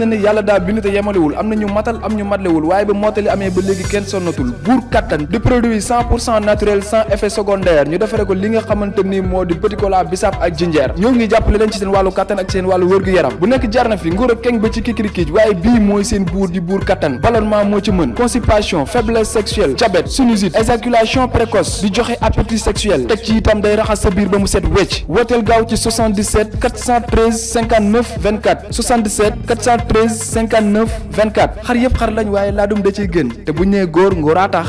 xam yàlla daal bi te yemalewul am na ñu matal am ñu matalewul waaye ba mottali amee ba léegi kenn sonnatul buur kattan di produit naturel sans effet secondaire ñu defare ko li nga xamante ni moo di petit bisaab ak jinjeer ñoo ngi jàppale leen ci seen wàllu kattan ak seen wàllu wërgu yaram bu nekk jarna fi nguur keng ba ci kikirikiij waaye bii mooy seen buur di buur kattan ballonnement moo ci mën constipation faiblesse sexuel teg ci itam 73 59 24 xar yëpp xar lañ waaye laa dum da ciy gën te bu ñee nee góor tax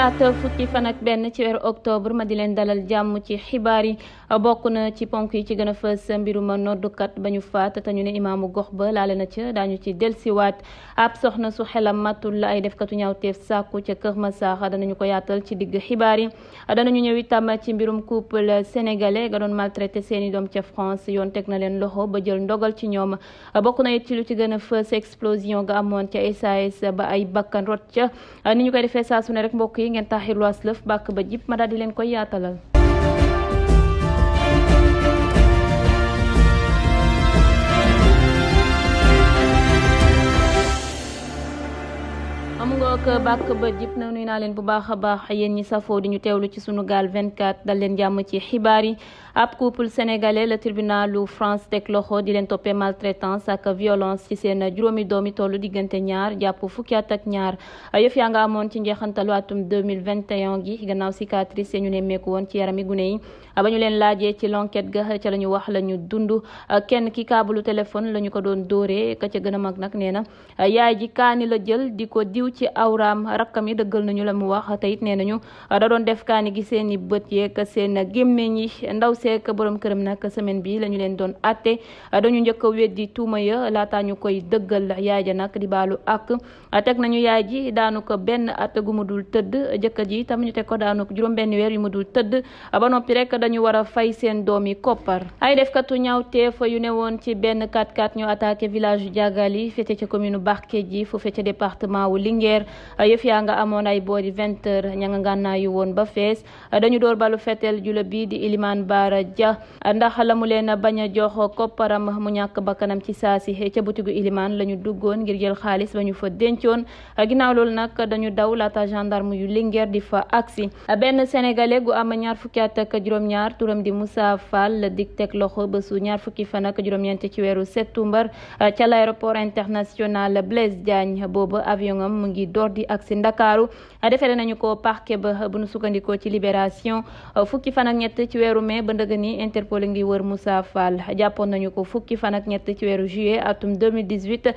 talaata fukki fan ak benn ci weeru octobre leen dalal jàmm ci xibaar yi bokk na ci ponk yi ci gën a fës mbiruma noddukat ba ñu faat te ñu ne imaamu gox ba laale na ca daañu ci delsiwaat ab soxna su xelam matul la ay defkatu ñaawteef sàkku ca Kër ma Masar danañu ko yaatal ci digg xibaar yi danañu ñëw itam ci mbirum couple sénégalais ga doon maltraité seeni doom ca France yoon teg na leen loxo ba jël ndogal ci ñoom bokk na it ci lu ci gën a fës explosion ga amoon ca SAS ba ay bakkan rot ca ni ñu koy defee saa ne rek mbokk li ngeen taxirlu ba jip ma daal di leen koy yaatalal bàkk ba jib na nuy naa leen bu baax a baax yéen ñi safoo di ñu teewlu ci sunu gaal 24 dal leen jàmm ci xibaar yi ab couple sénégalais le tribunalu France teg loxo di leen toppee maltraitance ak violence ci seen juróomi doomi tollu diggante ñaar jàpp fukki at ak ñaar yëf yaa nga amoon ci njeexantalu atum gi gannaaw cicatrice ñu ne meeku woon ci yarami gune yi ba ñu leen laajee ci lonket ga ca lañu wax la ñu dund kenn ki kaabalu téléphone la ko doon dóoree ka ca gën a mag nag nee na Birame rakkam yi dëggal nañu la mu wax te it nee nañu da doon def kaani gi seen i bët yeeg seen gémmeñ yi ndaw seek borom këram nag semaine bi lañu leen doon atte dañu njëkk a weddi tuuma ya laataa ñu koy dëggal yaay ja nag di baalu a teg nañu yaay ji daanu ko benn at gu mu dul tëdd jëkk ji tam ñu teg ko daanu ko juróom benn weer yu mu dul tëdd ba noppi rek dañu war a fay seen doom yi koppar ay defkatu ñaawteef yu ne woon ci benn 4-4 ñu attaqué village Diagali féete ca commune Barkédji fu fete yëf yaa nga amoon ay boori vingt heures ña nga ngànnaayu woon ba fees dañu door balu feteel jula bii di Ilimane baara ja ndax lamu mu leen bañ a jox kopparam mu ñàkk bakkanam ci saasi ca butigu ilimaan la ñu duggoon ngir jël xaalis ba ñu fa dencoon ginnaaw loolu nag dañu daw laata gendarme yu Linguère di fa aksi benn sénégalais gu am ñaar fukki at juróom-ñaar turam di Moussa Fall la dig teg loxo bésu ñaar fukki fan ak juróom-ñeent ci weeru septembre ca l'aéroport international Blaise di ak si ndakaaru defere nañu ko parquet ba bu nu sukkandikoo ci libération fukki fan ak ñett ci weeru mai ba ndëgg ni interpol ngi wër Moussa Fall jàppoon nañu ko fukki fan ak ñett ci weeru juillet atum 2018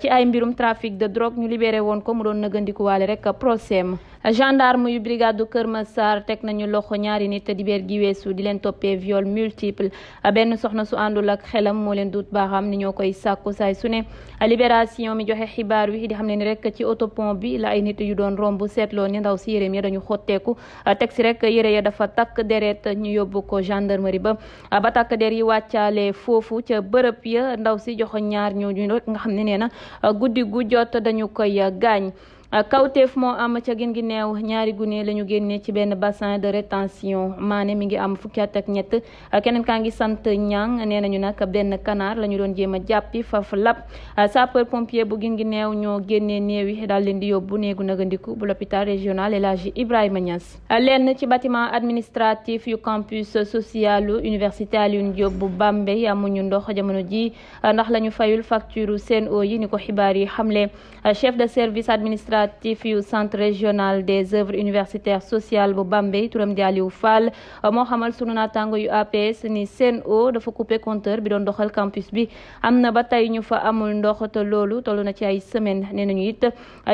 ci ay mbirum trafic de drogue ñu libéré woon ko mu doon nëgandikuwaale rek procès gendarme yu brigade du Kër saar teg nañu loxo ñaari nit dibéer gi weesu di leen toppee viol multiple benn soxna su àndul ak xelam moo leen duut baaxam ni ñoo koy sàkku saay su ne libération mi joxe xibaar wi di xam ne ni rek ci autopont bi la ay nit yu doon romb seetloo ni ndaw si yéreem ya dañu xotteeku teg si rek yére ya dafa takk deret ñu yóbbu ko gendarmerie ba ba takk der yi wàccaale foofu ca bërëb ya ndaw si joxo ñaar ñooñu nga xam ne nee na guddi gu jot dañu koy gaañ Euh, kawteef moo am ca gën gi neew ñaari gune la génne ci benn bassin de rétention maane mi ngi am fukki at ak ñett euh, keneen kaa ngi sant ñang nee nañu nag benn kanaar la ñu doon jéem a jàppi faf lap euh, sapeur pompier bu gën gi neew ñoo génnee néew yi daal leen di yóbbu néegu nagandiku bu l'hôpital régional El Hadji Ibrahima Niass lenn ci batiment administratif yu campus social université Alioune Diop bu Bambey amuñu ndox jamono ji ndax la ñu fayul facture seen eau yi ni administratif yu centre régional des œuvres universitaires sociales bu Bambey turam di Aliou Fall moo xamal sunu naataango yu APS ni SEN'EAU dafa coupé compteur bi doon doxal campus bi am na ba tey ñu fa amul ndox te loolu toll na ci ay semaine nee nañu it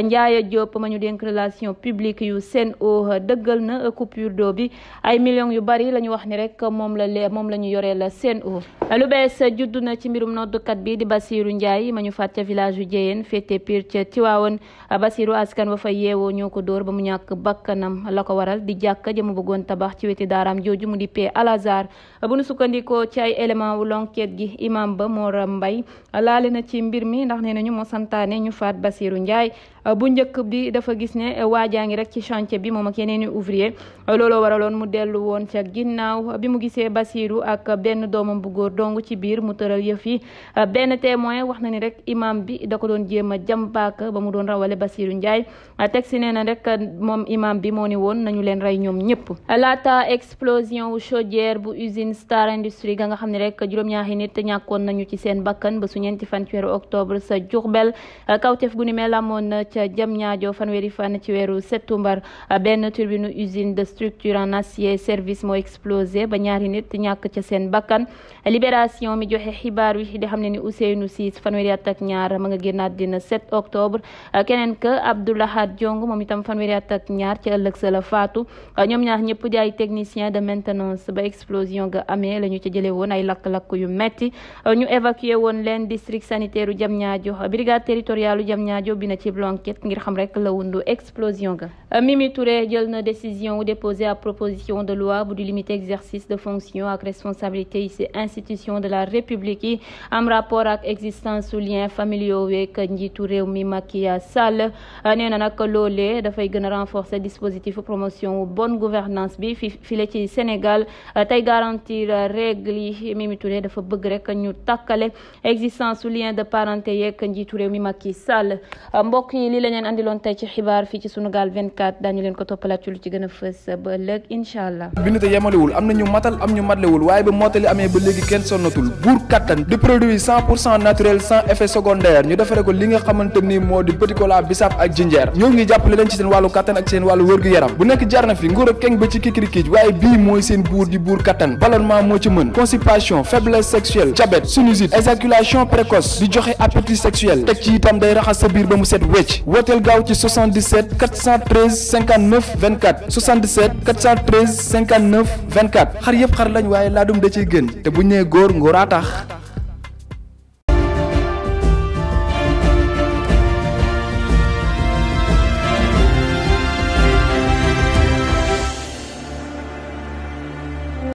Ndiaye Diop ma ñu dénk relation publique yu SEN'EAU dëggal na coupure do bi ay millions yu bari la ñu wax ni rek moom la lee moom la ñu yoree la SEN'EAU lu bees juddu na ci mbirum noddukat bi di Basiru Ndiaye ma ñu faat ca village yu Jéyeen féete Pire ca Tiwaawoon Basiru askan wa fa yeewoo ñoo ko dóor ba mu ñàkk bakkanam la ko waral di jàkka jëmu bëggoon tabax ci weti daaram jooju mu di pee Al-Azhar bu nu sukkandikoo ci ay élément wu l'enquête gi imam ba Mor Mbay laale na ci mbir mi ndax nee ñu moo santaane ñu faat Basiru Ndiaye bu njëkk bi dafa gis ne waajaa ngi rek ci chantier bi moom ak yeneen i ouvrier looloo waraloon mu dellu woon ca ginnaaw bi mu gisee Basiru ak benn doomam bu góor dong ci biir mu tëral yëf yi benn témoin wax na ni rek imam bi da ko doon jéem a jam ba mu doon rawale Basiru Njaay teg si nee na rek moom imam bi moo ni woon nañu leen rey ñoom ñëpp laata explosion wu bu usine Star Industrie ga nga xam ne rek juróom-ñaari nit ñàkkoon nañu ci seen bakkan ba su ñeenti fan ci weeru sa Diourbel kawteef ca jam ñaajo fanweeri fan ci weeru septembre benn turbine usine de structure en acier service moo explosé ba ñaari nit ñàkk ca seen bakkan libération mi joxe xibaar wi di xam ne ni Ousseynou Ciss fanweeri at ak ñaar ma nga génnaat dina 7 octobre keneen ka Abdoulahad Diong moom itam fanweeri at ak ñaar ci ëllëg sa la faatu ñoom ñaar ñëpp di ay technicien de maintenance ba explosion ga amee la ñu ca jële woon ay lakk-lakk yu metti ñu évacué woon leen district sanitaire u Diamniadio u Diamniadio bi na ci enquête ngir xam rek la wundu explosion ga Mimi Touré jël na décision wu à proposition de loi bu di limiter exercice de fonction ak responsabilité yi ci institution de la République yi am rapport ak existence su lien familiaux na nag loolee dafay gën a renforcer dispositif promotion bonne gouvernance bi fi file ci Sénégal tey garantir règle yi Mimi dafa bëgg rek ñu takkale existence su de parenté yeeg njiitu réew mi Macky Sall mbokk lii la leen andiloon tey ci xibaar fii ci sunu gaal 24 leen ko toppalaat ci lu a fës ba ëllëg incha allah bind te yemalewul am na ñu matal am ñu matlewul waaye ba mottali amee ba léegi kenn sonnatul buur kattan di produit cent pour cent naturel sans effet secondaire ñu defare ko li nga xamante ni moo di petit cola bisaab ak jinjeer ñoo ngi jàppale leen ci seen wàllu kattan ak seen wàllu wërgu yaram bu nekk jarna fi nguur ak keng ba ci kikirikiij waaye bii mooy seen buur moo ci mën constipation faiblesse sexuelle diabète sinusite précoce di joxe appétit sexuel itam day raxas sa biir ba mu set wecc wooteel gaaw ci 77 413 59 24 77 413 59 24 xar yëpp xar lañ waaye laa dum da ciy gën te bu ñu nee góor ngóoraa tax